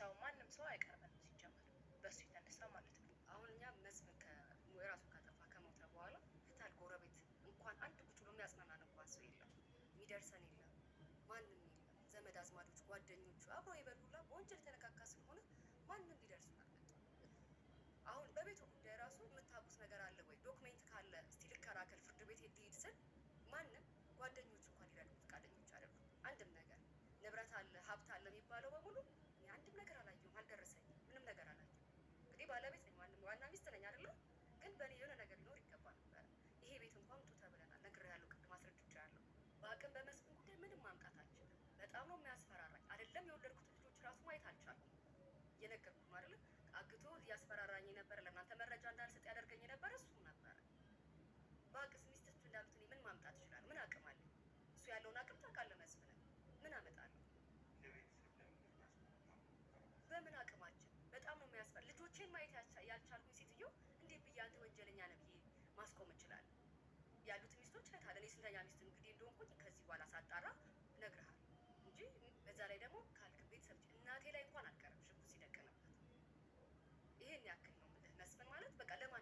ሰው ማንም ሰው አይቀርበንም ሲጀመር በእሱ የተነሳ ማለት ነው። አሁን እኛ መስፍን ራሱ ካጠፋ ከሞተ በኋላ ፍታል ጎረቤት እንኳን አንድ ቁጭ ብሎ የሚያጽናናን እንኳን ሰው የለም፣ የሚደርሰን የለም፣ ማንም የለም። ዘመድ አዝማዶች፣ ጓደኞቹ አብሮ የበሉላ በወንጀል የተነካካ ስለሆነ ማንም ሊደርሱን አሁን በቤቱ ጉዳይ ራሱ የምታውቁት ነገር አለ ወይ? ዶክሜንት ካለ እስቲ ልከራከል፣ ፍርድ ቤት ሄድ ስል ማንም ጓደኞቹ እንኳን ሊረዱ ፈቃደኞች አይደሉም። አንድም ባለቤት ነኝ፣ ዋና ዋና ሚስት ነኝ አይደለ? ግን በእኔ የሆነ ነገር ሊኖር ይገባ ነበር። ይሄ ቤት እንኳን ውጡ ተብለናል። ነግሬያለሁ፣ ቅድም አስረድቻለሁ። በአቅም በመስፍን ጉዳይ ምንም ማምጣት አልችልም። በጣም ነው የሚያስፈራራኝ። አይደለም የወለድኩት ልጆች ራሱ ማየት አልቻልኩም። እየነገርኩህ አይደለ? አግቶ ያስፈራራኝ ነበር። ለእናንተ መረጃ እንዳልሰጥ ያደርገኝ ነበር። እሱም ነበረ በአቅስ ሚስትስ እንዳሉት እኔ ምን ማምጣት ይችላል? ምን አቅም አለ? እሱ ያለውን አቅም ታውቃለህ መስፍን፣ ምን አመጣለሁ? በምን ልጆችን ማየት ያልቻልኩኝ ሴትዮ እንዴት ብዬ አንተ ወንጀለኛ ነህ ብዬ ማስቆም እችላለሁ? ያሉት ሚስቶች እህታለን። የስንተኛ ሚስት እንግዲህ እንደሆንኩኝ ከዚህ በኋላ ሳጣራ ነግርሃል እንጂ በዛ ላይ ደግሞ ካልክ ቤተሰብ እናቴ ላይ እንኳን አልቀረም ሽጉጥ ሲደቅንባት ይሄን ያክል ነው የምልህ። ማለት በቃ ለማን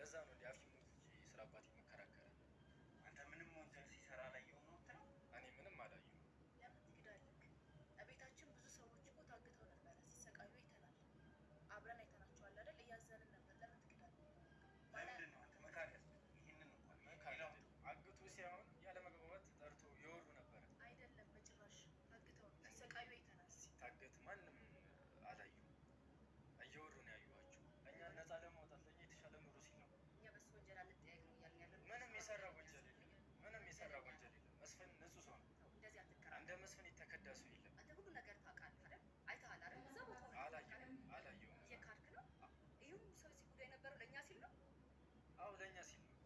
ለዛ ነው እንዲ እንደ መስፍን የለም። አንተ ሁሉ ነገር ታውቃለህ አይደል? አይተሃል አይደል? እዛ ቦታ አላየሁም፣ አላየሁም። እየካድክ ነው። ይህ ሁሉ ሰው የነበረው ለእኛ ሲል ነው። አዎ ለእኛ ሲል ነው።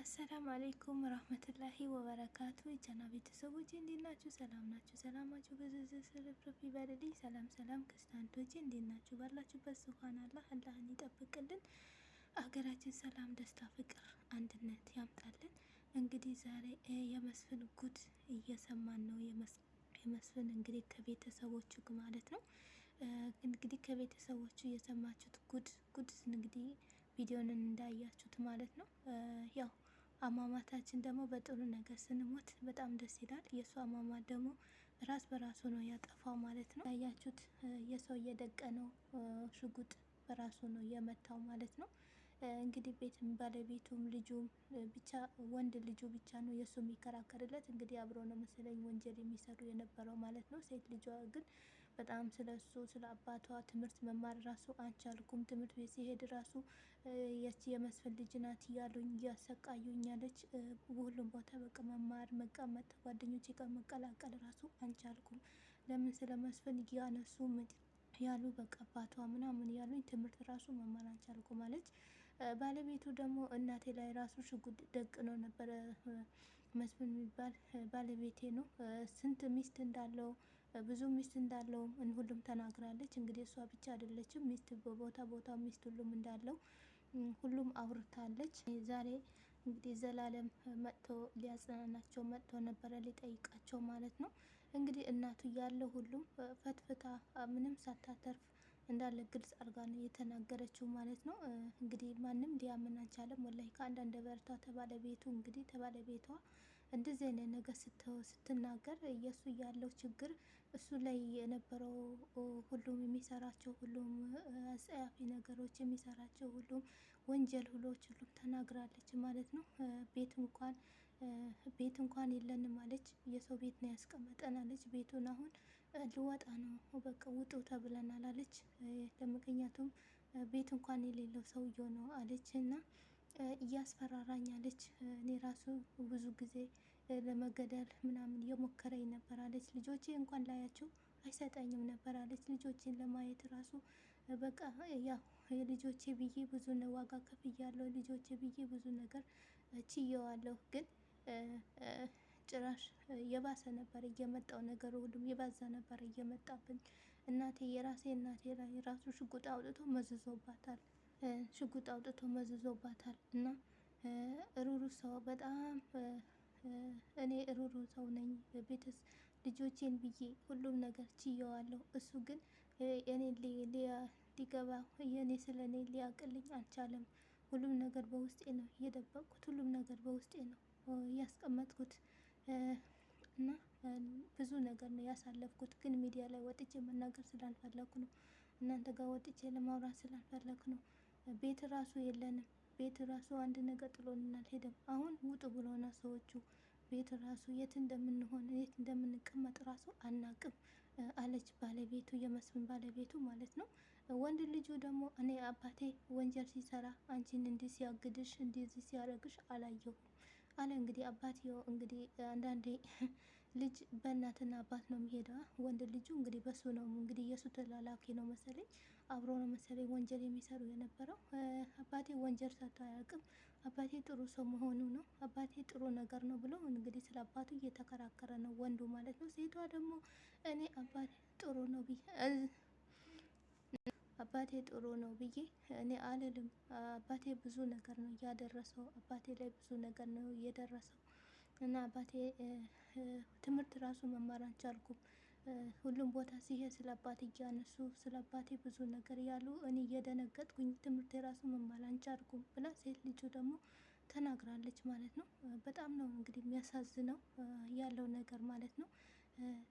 አሰላም አለይኩም ወራህመቱላሂ ወበረካቱ። የቻና ቤተሰቦች እንዴት ናችሁ? ሰላም ናችሁ? ሰላማችሁ በዘዘ ስርፍርፍ ይበልልኝ። ሰላም ሰላም ክርስቲያንቶች እንዴት ናችሁ? ባላችሁበት ስብሃን አላህ አላህን ይጠብቅልን። አገራችን ሰላም፣ ደስታ፣ ፍቅር፣ አንድነት ያምጣልን። እንግዲህ ዛሬ የመስፍን ጉድ እየሰማን ነው። የመስፍን እንግዲህ ከቤተሰቦቹ ማለት ነው እንግዲህ ከቤተሰቦቹ የሰማችሁት ጉድ ጉድ እንግዲህ ቪዲዮንን እንዳያችሁት ማለት ነው። ያው አሟሟታችን ደግሞ በጥሩ ነገር ስንሞት በጣም ደስ ይላል። የእሱ አሟሟት ደግሞ ራስ በራሱ ነው ያጠፋው ማለት ነው። ያያችሁት የሰው እየደቀነው ሽጉጥ በራሱ ነው የመታው ማለት ነው። እንግዲህ ቤትም ባለቤቱም ልጁም ብቻ ወንድ ልጁ ብቻ ነው የእሱ የሚከራከርለት። እንግዲህ አብሮ ነው መሰለኝ ወንጀል የሚሰሩ የነበረው ማለት ነው። ሴት ልጇ ግን በጣም ስለ እሱ ስለ አባቷ ትምህርት መማር ራሱ አልቻልኩም፣ ትምህርት ቤት ሲሄድ ራሱ የእሱ የመስፍን ልጅ ናት እያሉኝ እያሰቃዩኛለች፣ ሁሉም ቦታ በቃ መማር መቀመጥ ጓደኞች ጋር መቀላቀል ራሱ አልቻልኩም። ለምን ስለ መስፍን እያነሱ ያሉ በቃ አባቷ ምናምን ያሉኝ ትምህርት ራሱ መማር አልቻልኩም አለች። ባለቤቱ ደግሞ እናቴ ላይ ራሱ ሽጉጥ ደቅኖ ነበረ። መስፍን የሚባል ባለቤቴ ነው። ስንት ሚስት እንዳለው ብዙ ሚስት እንዳለው ሁሉም ተናግራለች። እንግዲህ እሷ ብቻ አይደለችም ሚስት በቦታ ቦታ ሚስት ሁሉም እንዳለው ሁሉም አውርታለች። ዛሬ እንግዲህ ዘላለም መጥቶ ሊያጽናናቸው መጥቶ ነበረ ሊጠይቃቸው ማለት ነው። እንግዲህ እናቱ ያለው ሁሉም ፈትፍታ ምንም ሳታተርፍ እንዳለ ግልጽ አድርጋ ነው የተናገረችው ማለት ነው። እንግዲህ ማንም ሊያምን አልቻለም። ወላሂ ከአንዳንድ በርታ ተባለቤቱ እንግዲህ ተባለቤቷ እንደዚህ አይነት ነገር ስትናገር እየሱ ያለው ችግር እሱ ላይ የነበረው ሁሉም የሚሰራቸው ሁሉም አጸያፊ ነገሮች የሚሰራቸው ሁሉም ወንጀል ሁሎች ሁሉም ተናግራለች ማለት ነው። ቤት እንኳን ቤት እንኳን የለንም አለች። የሰው ቤት ነው ያስቀመጠናለች ቤቱን አሁን ልወጣ ነው በቃ ውጡ ተብለናል አለች። ለምክንያቱም ቤት እንኳን የሌለው ሰውዬው ነው አለች እና እያስፈራራኝ አለች። እኔ ራሱ ብዙ ጊዜ ለመገደል ምናምን እየሞከረኝ ነበር አለች። ልጆቼ እንኳን ላያቸው አይሰጠኝም ነበር አለች። ልጆቼን ለማየት ራሱ በቃ ያው ልጆቼ ብዬ ብዙ ዋጋ ከፍያለሁ። ልጆቼ ብዬ ብዙ ነገር ችየዋለሁ ግን ጭራሽ የባሰ ነበር እየመጣው ነገር ሁሉም የባዛ ነበር እየመጣብን። እናቴ የራሴ እናቴ ላይ ራሱ ሽጉጥ አውጥቶ መዝዞባታል፣ ሽጉጥ አውጥቶ መዝዞባታል። እና ሩሩ ሰው በጣም እኔ ሩሩ ሰው ነኝ፣ ቤተስ ልጆቼን ብዬ ሁሉም ነገር ችየዋለሁ። እሱ ግን እኔ ሊገባ የእኔ ስለ እኔ ሊያቅልኝ አልቻለም። ሁሉም ነገር በውስጤ ነው የደበቁት ሁሉም ነገር በውስጤ ነው ያስቀመጥኩት። እና ብዙ ነገር ነው ያሳለፍኩት። ግን ሚዲያ ላይ ወጥቼ መናገር ስላልፈለኩ ነው። እናንተ ጋር ወጥቼ ለማውራት ስላልፈለኩ ነው። ቤት ራሱ የለንም። ቤት ራሱ አንድ ነገር ጥሎልን አልሄደም። አሁን ውጡ ብሎና ሰዎቹ ቤት ራሱ የት እንደምንሆን የት እንደምንቀመጥ ራሱ አናቅም አለች ባለቤቱ፣ የመስፍን ባለቤቱ ማለት ነው። ወንድ ልጁ ደግሞ እኔ አባቴ ወንጀል ሲሰራ አንቺን እንዲህ ሲያግድሽ እንዲህ ሲያደርግሽ አላየሁም አለ እንግዲህ አባትየው እንግዲህ አንዳንዴ ልጅ በእናትና አባት ነው የሚሄደው። ወንድ ልጁ እንግዲህ በሱ ነው እንግዲህ የእሱ ተላላኪ ነው መሰለኝ፣ አብሮ ነው መሰለኝ ወንጀል የሚሰሩ የነበረው። አባቴ ወንጀል ሰርቶ አያውቅም፣ አባቴ ጥሩ ሰው መሆኑ ነው፣ አባቴ ጥሩ ነገር ነው ብሎ እንግዲህ ስለ አባቱ እየተከራከረ ነው ወንዱ ማለት ነው። ሴቷ ደግሞ እኔ አባት ጥሩ ነው ብዬ አባቴ ጥሩ ነው ብዬ እኔ አልልም። አባቴ ብዙ ነገር ነው እያደረሰው፣ አባቴ ላይ ብዙ ነገር ነው እየደረሰው እና አባቴ ትምህርት ራሱ መማር አልቻልኩም። ሁሉም ቦታ ሲሄድ ስለ አባቴ እያነሱ ስለ አባቴ ብዙ ነገር ያሉ እኔ እየደነገጥኩኝ ትምህርት የራሱ መማር አልቻልኩም ብላ ሴት ልጁ ደግሞ ተናግራለች ማለት ነው። በጣም ነው እንግዲህ የሚያሳዝነው ያለው ነገር ማለት ነው።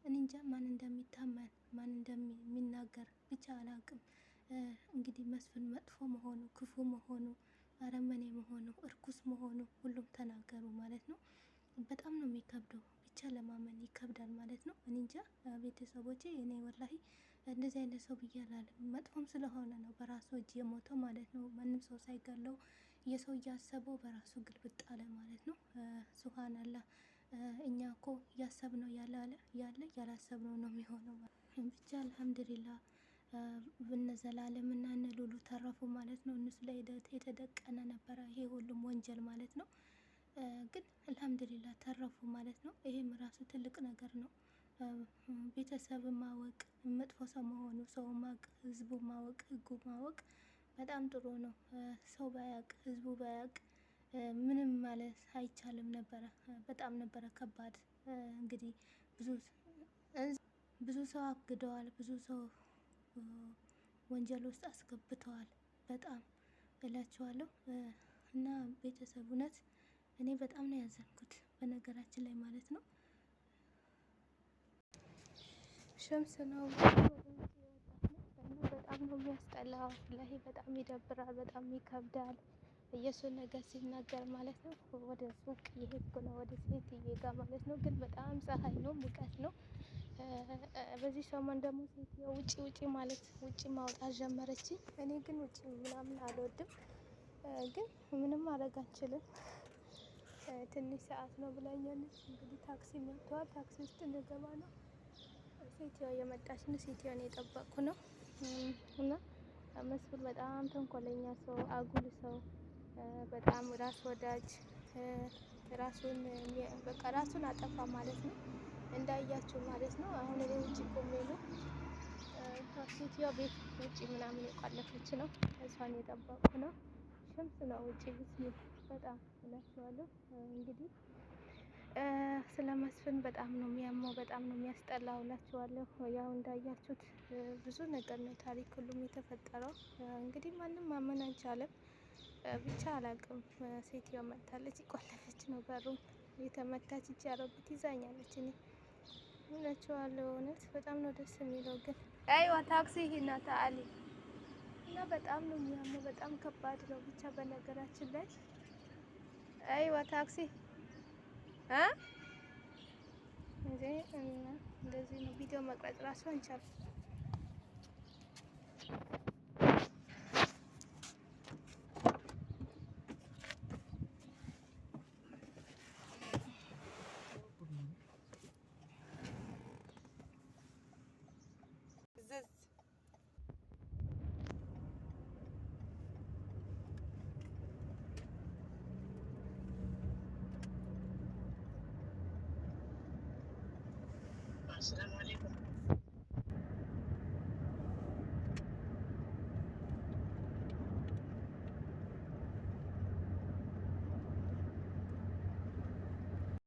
እኔ እንጃ ማን እንደሚታመን ማን እንደሚናገር ብቻ አላውቅም። እንግዲህ መስፍን መጥፎ መሆኑ፣ ክፉ መሆኑ፣ አረመኔ መሆኑ፣ እርኩስ መሆኑ ሁሉም ተናገሩ ማለት ነው። በጣም ነው የሚከብደው ብቻ ለማመን ይከብዳል ማለት ነው። እኔ እንጃ ቤተሰቦቼ፣ እኔ ወላሂ እንደዚህ አይነት ሰው ብዬ አላለም። መጥፎም ስለሆነ ነው በራሱ እጅ የሞተው ማለት ነው። ማንም ሰው ሳይገለው የሰው እያሰበው በራሱ ግልብጥ አለ ማለት ነው። ሱብሃን አላህ። እኛ እኮ እያሰብነው ያለ ያለ ያላሰብነው ነው የሚሆነው ብቻ አልሐምዱሊላህ። እነ ዘላለም እና እነ ሉሉ ተረፉ ማለት ነው። እነሱ ላይ የተደቀነ ነበረ ይሄ ሁሉም ወንጀል ማለት ነው። ግን አልሐምዱሊላ ተረፉ ማለት ነው። ይሄም ራሱ ትልቅ ነገር ነው። ቤተሰብ ማወቅ፣ መጥፎ ሰው መሆኑ ሰው ማወቅ፣ ህዝቡ ማወቅ፣ ህጉ ማወቅ በጣም ጥሩ ነው። ሰው ባያቅ፣ ህዝቡ ባያቅ ምንም ማለት አይቻልም ነበረ። በጣም ነበረ ከባድ እንግዲህ ብዙ ብዙ ሰው አግደዋል። ብዙ ሰው ወንጀል ውስጥ አስገብተዋል። በጣም እላችኋለሁ እና ቤተሰብ እውነት እኔ በጣም ነው ያዘንኩት በነገራችን ላይ ማለት ነው። ሸምስ ነው በጣም ነው የሚያስጠላው። ላይ በጣም ይደብራል፣ በጣም ይከብዳል። የእሱን ነገር ሲናገር ማለት ነው ወደ ሱቅ እየሄድኩ ነው ወደ ሴትዬ ጋ ማለት ነው። ግን በጣም ፀሐይ ነው ሙቀት ነው። በዚህ ሰሞን ደግሞ ሴትዮ ውጪ ውጪ ማለት ውጪ ማውጣት ጀመረች። እኔ ግን ውጪ ምናምን አልወድም፣ ግን ምንም ማድረግ አንችልም። ትንሽ ሰዓት ነው ብላኛለች። እንግዲህ ታክሲ መጥተዋል። ታክሲ ውስጥ እንገባ ነው። ሴትዮ የመጣች ነው። ሴትዮን የጠበቅኩ ነው። እና መስፍን በጣም ተንኮለኛ ሰው፣ አጉል ሰው፣ በጣም ራስ ወዳጅ፣ ራሱን በቃ ራሱን አጠፋ ማለት ነው። እንዳያችሁ ማለት ነው። አሁን እኔ ውጭ ቆሜ ነው። ሴትዮዋ ቤት ውጭ ምናምን የቋለፈች ነው። እሷን የጠበቁ ነው። ሽምስ ነው ውጭ ቤት በጣም እላችኋለሁ። እንግዲህ ስለ መስፍን በጣም ነው የሚያመው፣ በጣም ነው የሚያስጠላው እላችኋለሁ። ያው እንዳያችሁት ብዙ ነገር ነው ታሪክ ሁሉም የተፈጠረው። እንግዲህ ማንም ማመን አልቻለም። ብቻ አላቅም። ሴትዮ መታለች፣ የቆለፈች ነው በሩም የተመታች እጅ አሮጊት ይዛኛለች እኔ እላቸዋለሁ። እውነት በጣም ነው ደስ የሚለው። ግን አይዋ ታክሲ ሂና ታአሊ እና በጣም ነው የሚያመው። በጣም ከባድ ነው። ብቻ በነገራችን ላይ አይዋ ታክሲ እ እንደዚህ ነው ቪዲዮ መቅረጽ ራሱ አንቻልም። Yes, and I